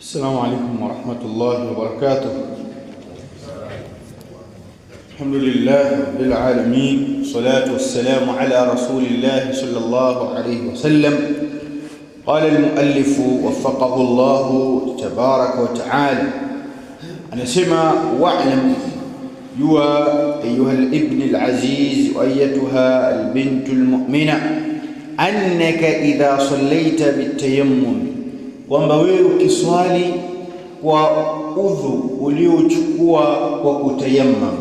السلام عليكم ورحمة الله وبركاته الحمد لله رب العالمين والصلاة والسلام على رسول الله صلى الله عليه وسلم قال المؤلف وفقه الله تبارك وتعالى أنا سمع واعلم يوى أيها الإبن العزيز وأيتها البنت المؤمنة أنك إذا صليت بالتيمم kwamba wewe ukiswali kwa udhu uliochukua kwa kutayammam,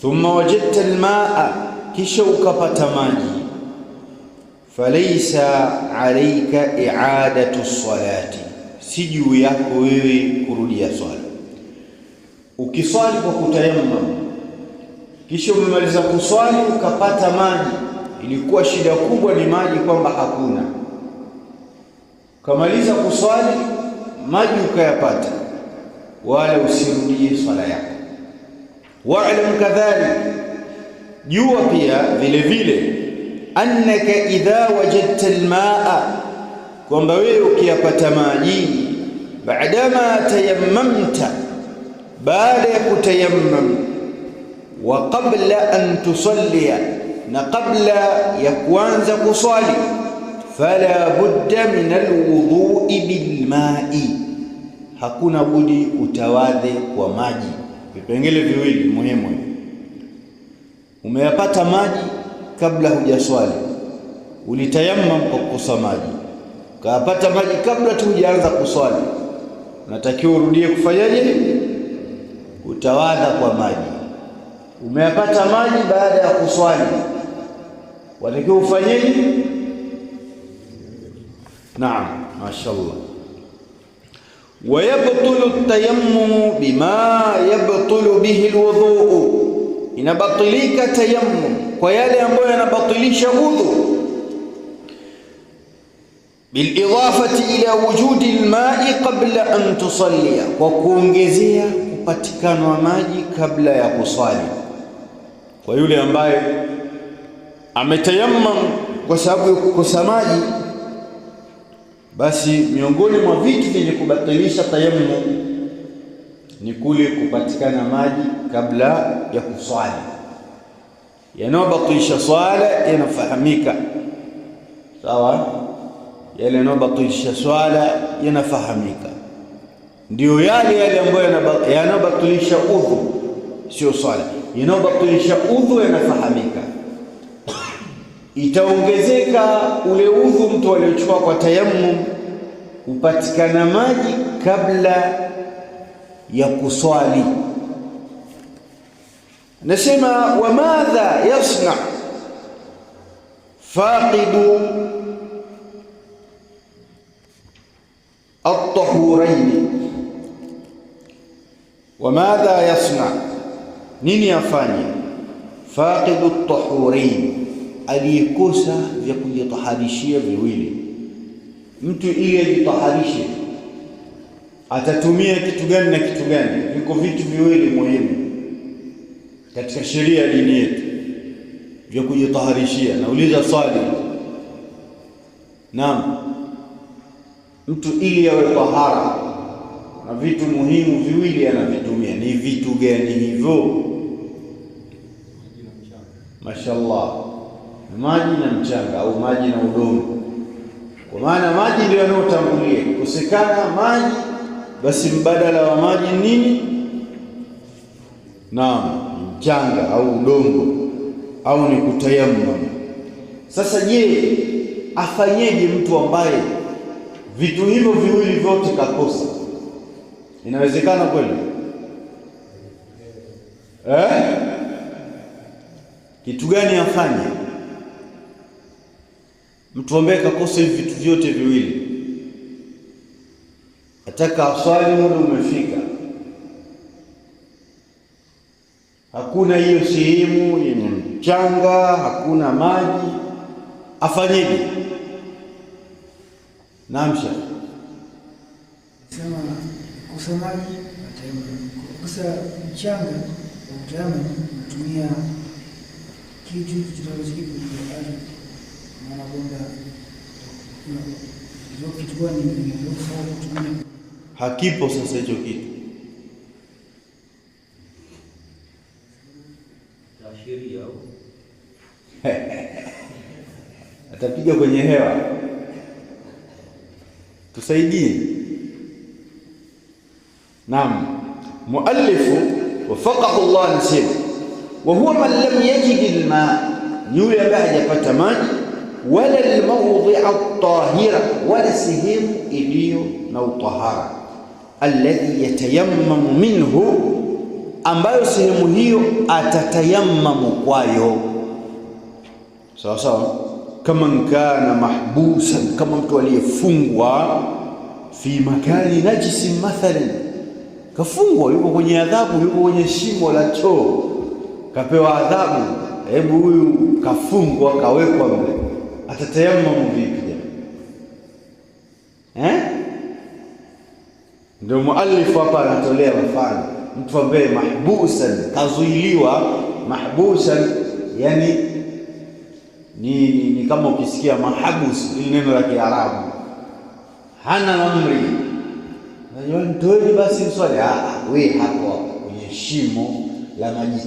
thumma wajadta almaa, kisha ukapata maji, falaysa alayka i'adatu salati, si juu yako wewe kurudia swala. Ukiswali kwa kutayammam, kisha umemaliza kuswali ukapata maji, ilikuwa shida kubwa ni maji, kwamba hakuna Ukamaliza kuswali maji ukayapata, wala usirudie swala yako. Waalamu kadhalika, jua pia vile vile, annaka idha wajadta almaa, kwamba wewe ukiyapata maji, baadama tayammamta, baada ya kutayammam, wa qabla an tusallia, na kabla ya kuanza kuswali fala budda min alwudhui bilmai, hakuna budi utawadhe kwa maji. Vipengele viwili muhimu hivi, umeyapata maji kabla hujaswali, ulitayammam kwa kukosa maji, ukayapata maji kabla tu hujaanza kuswali, unatakiwa urudie kufanyaje? kutawadha kwa maji. Umeyapata maji baada ya kuswali, watakiwa ufanyeje? Naam, mashallah. Wa yabtulu tayammumu bima yabtulu bihi alwudhu, inabatilika tayammum kwa yale ambayo yanabatilisha wudhu Bilidafati ila wujudi lmai qabla an tusalia kwa kuongezea kupatikanwa maji kabla ya kusali kwa yule ambaye ametayamam kwa sababu ya kukosa maji basi miongoni mwa vitu vyenye kubatilisha tayammum ni kule kupatikana maji kabla ya kuswali. Yanayobatilisha swala yanafahamika, sawa. Yale yanayobatilisha swala yanafahamika, ndiyo yale yale ambayo yanayobatilisha udhu, sio swala. Yanayobatilisha udhu yanafahamika itaongezeka ule udhu mtu aliochukua kwa tayammum, hupatikana maji kabla ya kuswali. Nasema wa madha yasna faqidu at-tahuraini, wa madha yasna, nini afanye? Faqidu at-tahuraini aliyekosa vya kujitaharishia viwili. Mtu ili ajitaharishe atatumia kitu gani na kitu gani? Viko vitu viwili muhimu katika sheria ya dini yetu vya kujitaharishia. Nauliza swali, naam, mtu ili awe tahara na vitu muhimu viwili anavitumia, ni vitu gani hivyo? Mashaallah maji na mchanga au maji na udongo, kwa maana maji ndio yanayotangulia. Kukosekana maji, basi mbadala wa maji nini? Naam, mchanga au udongo, au ni kutayamam. Sasa je, afanyeje mtu ambaye vitu hivyo viwili vyote kakosa? Inawezekana kweli eh? Kitu gani afanye? ambaye kakosa hivi vitu vyote viwili. ataka aswali, muda umefika. Hakuna hiyo sehemu yenye mchanga, hakuna maji, afanyeje? Namsha sema kosa maji, kosa mchanga, atama natumia kitu tunachokipata hakipo sasa hicho kitu atapiga kwenye hewa. Tusaidie. Naam, muallifu wafaqahu Allah anasema, wa huwa man lam yajid alma, ni yule ambaye hajapata maji wala almawdhi'a at-tahira, wala sehemu iliyo na utahara, alladhi yatayammamu minhu, ambayo sehemu hiyo atatayammamu kwayo. Sawa sawa, kama kana mahbusan, kama mtu aliyefungwa fi makani najisi mathalan, kafungwa, yuko kwenye adhabu, yuko kwenye shimo la choo, kapewa adhabu. Hebu huyu kafungwa, kawekwa mle atatayamamu vipi jamani eh? Ndio muallifu hapa anatolea mfano mtu ambaye mahbusan, kazuiliwa. Mahbusan yani ni, ni, ni kama ukisikia mahabus, ili neno la Kiarabu, hana amri, najua ntoeni basi mswali. Ah, ah, We hapo kwenye shimo la maji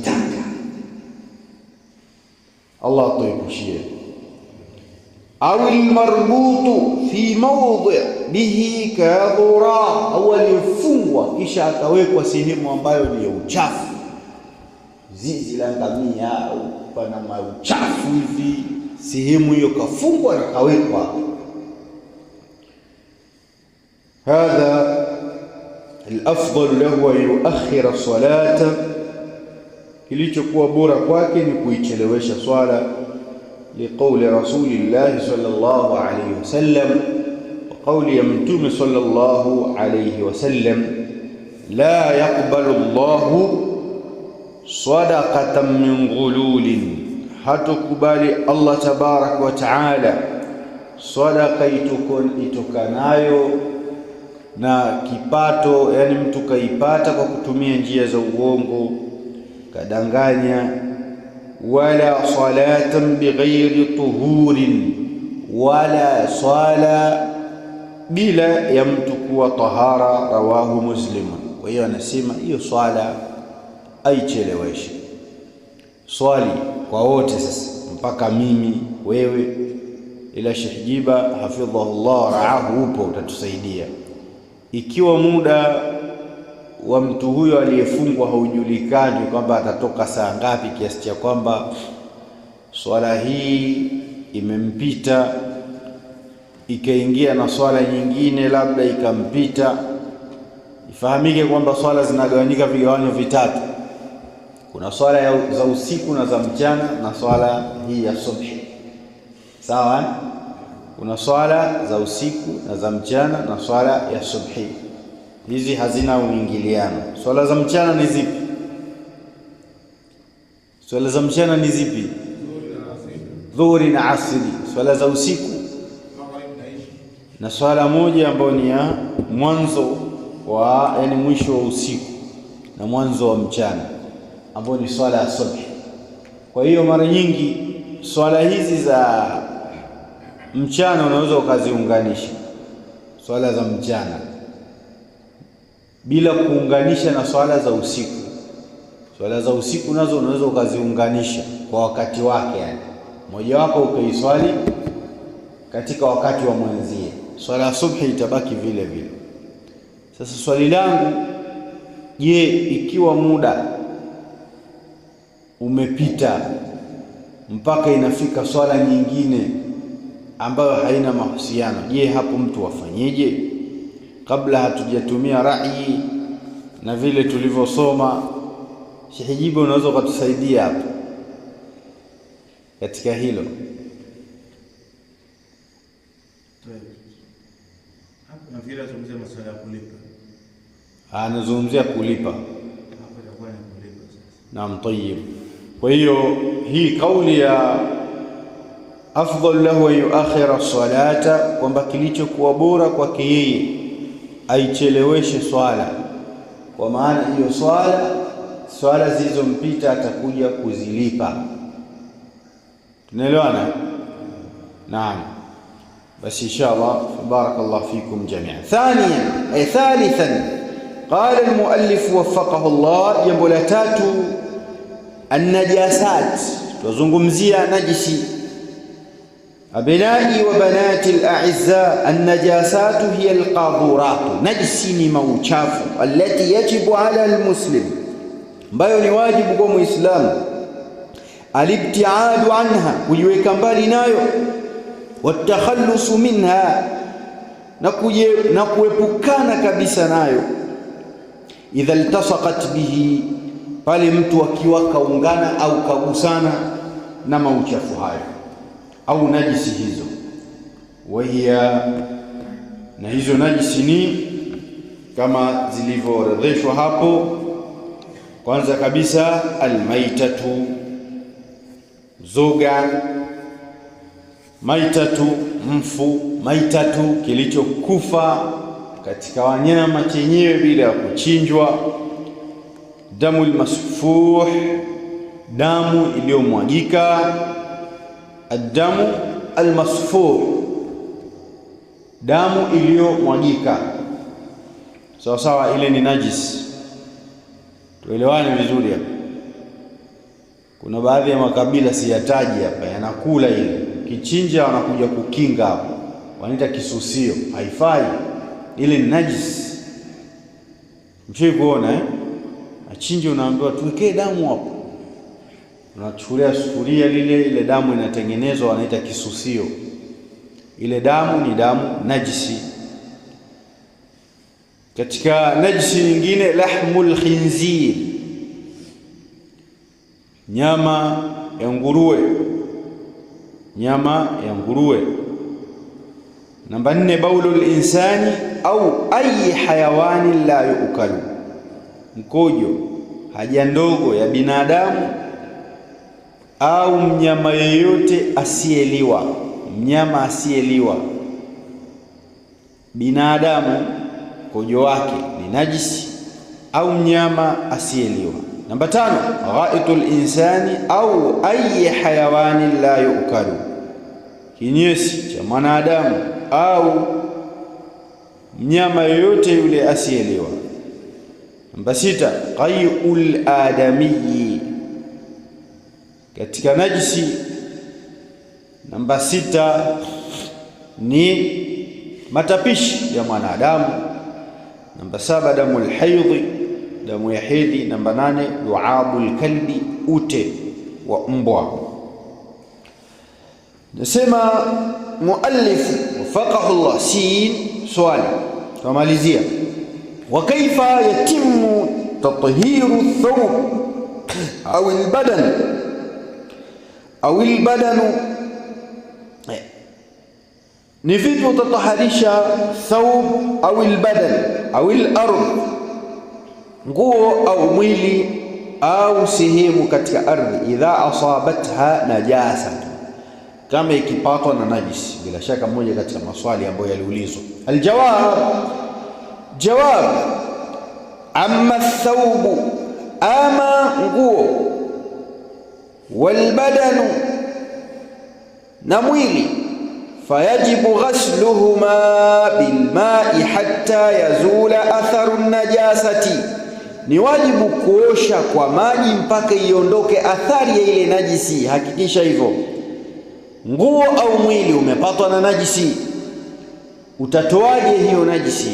Allah atuepushie au almarbutu fi mawdi bihi kadhura, au aliyefungwa kisha akawekwa sehemu ambayo ni ya uchafu, zizi la ngamia au pana mauchafu hivi, sehemu hiyo kafungwa na kawekwa. Hadha alafdal lahu an yuakhira salata, kilichokuwa bora kwake ni kuichelewesha swala liqauli rasulillahi sallallahu alayhi wasallam wa qauli ya mtume sallallahu alayhi wasallam, la yaqbalu llahu sadaqatan min ghululin, hatukubali Allah tabaraka wa taala sadaka itokanayo na kipato, yani mtu kaipata kwa kutumia njia za uongo, kadanganya wala salatan bighairi tuhurin, wala swala bila ya mtu kuwa tahara. Rawahu Muslim. Kwa hiyo anasema hiyo swala aicheleweshe, swali kwa wote sasa, mpaka mimi wewe. Ila Sheikh Jiba hafidhahu Allah raahu, upo utatusaidia ikiwa muda wa mtu huyo aliyefungwa haujulikani kwamba atatoka saa ngapi, kiasi cha kwamba swala hii imempita ikaingia na swala nyingine labda ikampita. Ifahamike kwamba swala zinagawanyika vigawanyo vitatu: kuna swala za usiku na za mchana na swala hii ya subhi. Sawa, kuna swala za usiku na za mchana na swala ya subhi hizi hazina uingiliano. Swala za mchana ni zipi? Swala za mchana ni zipi? Dhuhuri na asri. Swala za usiku na swala moja ambayo ni ya mwanzo wa yani mwisho wa usiku na mwanzo wa mchana ambayo ni swala ya subhi. Kwa hiyo mara nyingi swala hizi za mchana unaweza ukaziunganisha swala za mchana bila kuunganisha na swala za usiku. Swala za usiku nazo unaweza ukaziunganisha kwa wakati wake, yani wako ukaiswali katika wakati wa mwenzie, swala ya subhi itabaki vile vile. Sasa swali langu, je, ikiwa muda umepita mpaka inafika swala nyingine ambayo haina mahusiano, je, hapo mtu wafanyeje? kabla hatujatumia rai na vile tulivyosoma. Sheikh unaweza ukatusaidia hapa katika hilo? Ah, anazungumzia kulipa. Naam, tayyib. Kwa hiyo hii kauli ya afdal lahu an yuakhira salata, kwamba kilichokuwa bora kwake yeye aicheleweshe swala, kwa maana hiyo swala swala zilizompita atakuja kuzilipa. Tunaelewana? Naam. Basi insha Allah, barakallahu fikum jamia Thania ay thalithan qala almuallif waffaqahu Allah, jambo la tatu, annajasat, tuzungumzia najisi Abnai wa banati al-a'izza, an-najasatu hiya al-qaduratu, najisi ni mauchafu, allati yajibu ala al-muslim, ambayo ni wajibu kwa muislamu alibtiadu anha, kujiweka mbali nayo, watakhalusu minha, na kuepukana kabisa nayo. Idha iltasaqat bihi, pale mtu akiwa kaungana au kagusana na mauchafu hayo au najisi hizo, wahiya, na hizo najisi ni kama zilivyorodheshwa hapo. Kwanza kabisa almaitatu, zoga, maitatu mfu, maitatu kilichokufa katika wanyama chenyewe bila ya kuchinjwa, damu lmasfuh, damu iliyomwagika Addamu almasfur, damu iliyomwagika. Sawa sawa, ile ni najis. Tuelewane vizuri hapa. Kuna baadhi ya makabila siyataji hapa, yanakula ile kichinja, wanakuja kukinga hapo, wanaita kisusio. Haifai, ile ni najis. Mshikuona eh? Achinje unaambiwa tuwekee damu hapo unachukulia sufuria lile, ile damu inatengenezwa, wanaita kisusio. Ile damu ni damu najisi. Katika najisi nyingine, lahmul khinzir, nyama ya nguruwe, nyama ya nguruwe. Namba nne, baulul insani au ayi hayawani la yuukalu mkojo haja ndogo ya binadamu au mnyama yeyote asiyeliwa, mnyama asiyeliwa. Binadamu kojo wake ni najisi au mnyama asiyeliwa. Namba tano, ghaitul insani au ayi hayawani la yukalu, kinyesi cha mwanadamu au mnyama yoyote yule asiyeliwa. Namba sita, qaiul adamii katika najisi namba sita ni matapishi ya mwanadamu. Namba saba damu alhaidhi, damu ya hedhi. Namba nane luabu alkalbi, ute wa mbwa. Nasema muallifu wafaqahullah sin swali, tumalizia wa kaifa yatimu tathiru thawb au albadan au badanu eh, ni vipi utataharisha thawb au albadan au al nguo au mwili au sehemu katika ardhi. Idha asabatha najasa, kama ikipatwa na najisi. Bila shaka mmoja kati ya maswali ambayo yaliulizwa. Aljawab, jawab amma thawb, ama nguo walbadanu na mwili, fayajibu ghasluhuma bilmai hatta yazula atharu najasati, ni wajibu kuosha kwa maji mpaka iondoke athari ya ile najisi. Hakikisha hivyo, nguo au mwili umepatwa na najisi, utatoaje hiyo najisi?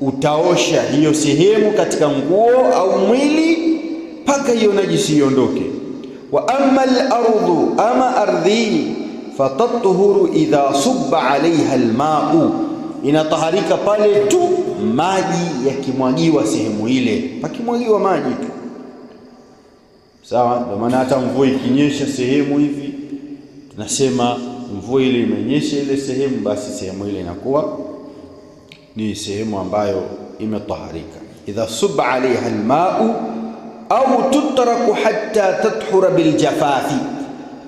Utaosha hiyo sehemu katika nguo au mwili mpaka hiyo najisi iondoke wa amma al-ardu, ama ardhi fatathuru idha subba alaiha almau, inataharika pale tu maji yakimwagiwa sehemu ile, pakimwagiwa maji tu sawa. Ndio maana hata mvua ikinyesha sehemu hivi tunasema mvua ile imenyesha ile sehemu, basi sehemu ile inakuwa ni sehemu ambayo imetaharika. idha subba al-ma'u au tutraku hatta tathura biljafafi,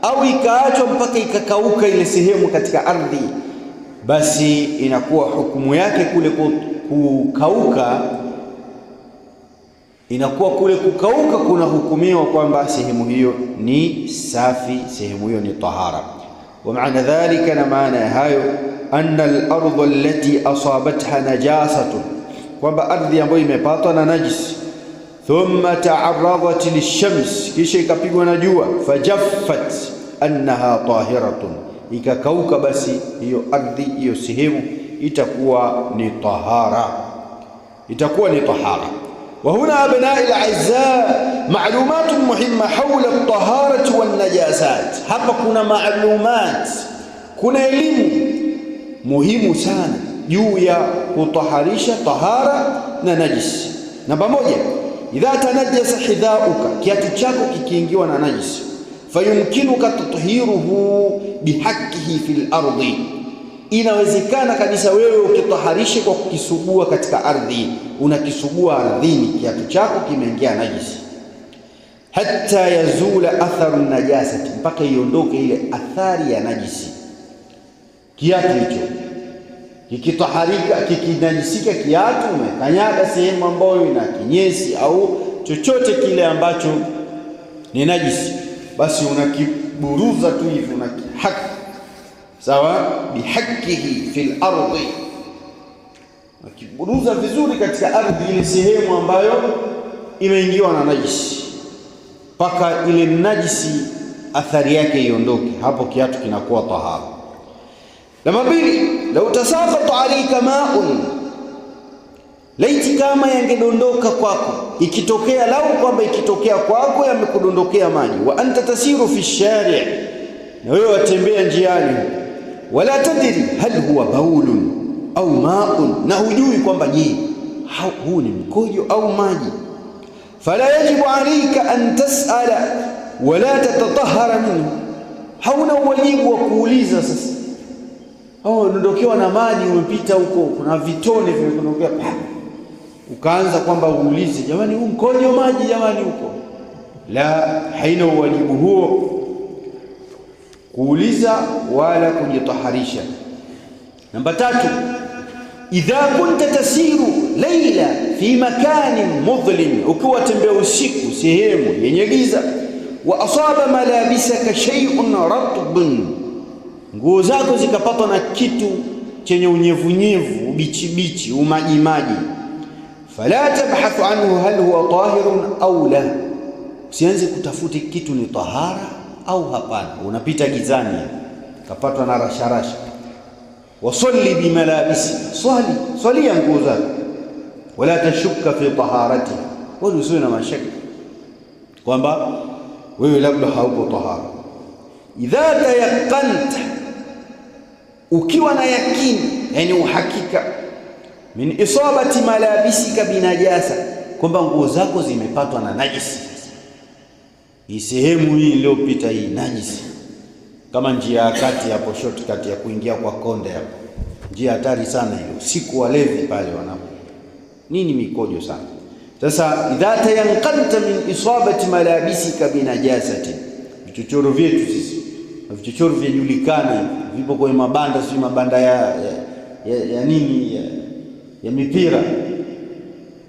au ikaachwa mpaka ikakauka ile sehemu katika ardhi, basi inakuwa hukumu yake kule kukauka, inakuwa kule kukauka kunahukumiwa kwamba sehemu hiyo ni safi, sehemu hiyo ni tahara. Wa maana dhalika, na maana ya hayo, anna al-ardha allati asabatha najasatun, kwamba ardhi ambayo imepatwa na najisi ثم تعرضت للشمس كشي كبي ونجوة فجفت أنها طاهرة إكا كوكب سي يو أرضي يو سهيم إتقوى نطهارة إتقوى نطهارة وهنا أبناء الأعزاء معلومات مهمة حول الطهارة والنجاسات هبا كنا معلومات كنا علم مهم سان يويا وطهريشة طهارة ننجس نبا مؤيا idha tanajasa hidhauka, kiatu chako kikiingiwa na najisi, fayumkinuka tathiruhu bihakihi fil ardi, inawezekana kabisa wewe ukitaharishe kwa kukisugua katika ardhi, unakisugua ardhini, kiatu chako kimeingia najisi hatta yazula atharu najasati, mpaka iondoke ile athari ya najisi kiatu hicho kikitaharika, kikinajisika kiatu, umekanyaga sehemu ambayo ina kinyesi au chochote kile ambacho ni najisi, basi unakiburuza tu hivi, unakihaki sawa, bihakihi fil ardi, unakiburuza vizuri katika ardhi, ile sehemu ambayo imeingiwa na najisi, mpaka ile najisi athari yake iondoke, hapo kiatu kinakuwa tahara. Namba mbili lau tasaqatu alaika ma'un, laiti kama yangedondoka kwako, ikitokea lau kwamba ikitokea kwako yamekudondokea maji. Wa anta tasiru fi shari', na wewe watembea njiani, wala tadri hal huwa baulun au ma'un, na hujui kwamba je, huu ni mkojo au maji. Fala yajibu alaika an tas'ala wala tatatahara minhu, hauna wajibu wa kuuliza sasa au oh, unadondokewa na maji, umepita huko, kuna vitone vimekudondokea pa, ukaanza kwamba uulize, jamani, huu mkojo maji jamani, huko la, haina uwajibu huo kuuliza wala kujitaharisha. Namba tatu, idha kunta tasiru laila fi makanin mudhlim, ukiwa tembea usiku sehemu yenye giza, wa asaba malabisaka shay'un ratbun nguo zako zikapatwa na kitu chenye unyevunyevu, ubichibichi, umajimaji, fala tabhathu anhu hal huwa tahirun au la, usianze kutafuti kitu ni tahara au hapana. Unapita gizani kapatwa na rasharasha. Wasalli bimalabisi, swali swalia nguo zako, wala tashuka fi taharati, wala usiwe na mashaka kwamba wewe labda haupo tahara. Idha tayaqanta ukiwa na yakini, yani uhakika, min isabati malabisika binajasa, kwamba nguo zako zimepatwa na najisi. Hii sehemu hii iliyopita hii najisi, kama njia ya kati hapo, shortcut ya kuingia kwa konde hapo, njia hatari sana hiyo. Usiku walevi pale wanapo nini mikojo sana. Sasa idha tayanqadta min isabati malabisika binajasati, vichochoro vyetu sisi vichochoro vyajulikana, vipo kwenye mabanda, si mabanda ya, ya, ya, ya nini ya, ya mipira.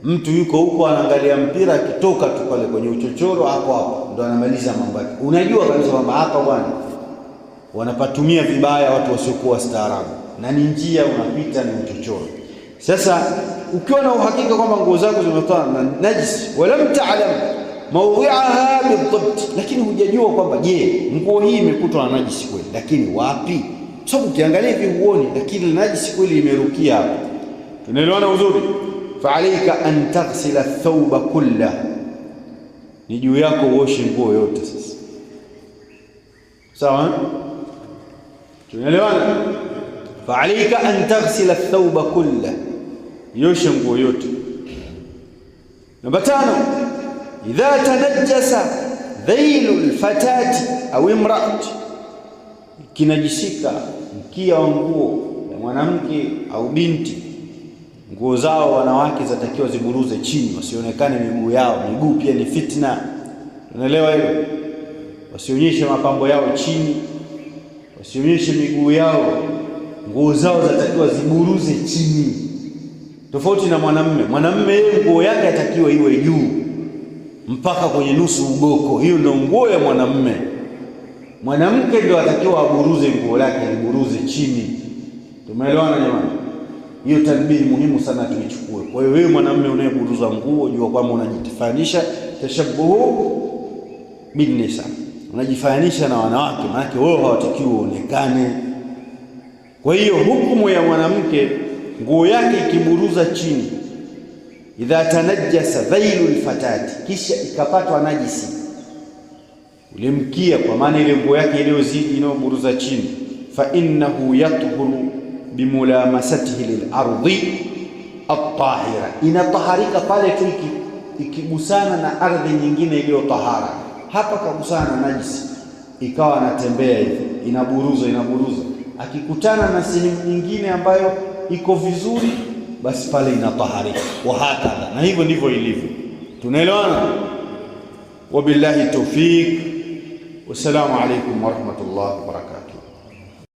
Mtu yuko huko anaangalia mpira, akitoka tu pale kwenye uchochoro hapo hapo ndo anamaliza mambo yake. Unajua kabisa kwamba hapa bwana wanapatumia vibaya watu wasiokuwa staarabu, na ni njia unapita ni uchochoro. Sasa ukiwa na uhakika kwamba nguo zako zimetoa na najisi walam taalam mawdhiaha bidhabt, lakini hujajua kwamba je, nguo hii imekutwa na najisi kweli, lakini wapi? Kwa ukiangalia hivi huoni, lakini najisi kweli imerukia hapo. Tunaelewana uzuri? fa alayka an taghsila thawba kulla, ni juu yako uoshe nguo yote. Sasa sawa, tunaelewana? fa alayka an taghsila thawba kullah, yoshe nguo yote. Namba tano idha tanajjasa dhailu lfatati au imraati, kinajisika mkia wa nguo ya mwanamke au binti. Nguo zao wanawake zinatakiwa ziburuze chini, wasionekane miguu yao. Miguu pia ni fitna, unaelewa hilo? Wasionyeshe mapambo yao chini, wasionyeshe miguu yao. Nguo zao zatakiwa ziburuze chini, tofauti na mwanamme. Mwanamme yeye nguo yake atakiwa iwe juu mpaka kwenye nusu ugoko. Hiyo ndio nguo ya mwanamume. Mwanamke ndio atakiwa aburuze nguo lake, aliburuze chini. Tumeelewana jamani? Hiyo tanbihi muhimu sana tuichukue. Kwa hiyo wewe mwanamume unayeburuza nguo, jua kwamba unajitafanisha tashabuhu binnisa, unajifanisha na wanawake, maanake wewe hawatakiwi uonekane. Kwa hiyo hukumu ya mwanamke, nguo yake ikiburuza chini idha tanajjasa dhailu lfatati, kisha ikapatwa najisi ulimkia, kwa maana ile nguo yake iliyozidi inayoburuza chini, fa innahu yatuhuru bimulamasatihi lilardi atahira, inataharika pale tu ikigusana na ardhi nyingine iliyotahara. Hapa kagusana na najisi, ikawa anatembea hivi, inaburuza inaburuza, akikutana na sehemu nyingine ambayo iko vizuri basi pale inataharika, wahakadha. Na hivyo ndivyo ilivyo, tunaelewana. Wabillahi tawfik, wassalamu alaikum warahmatullahi wabarakatuh.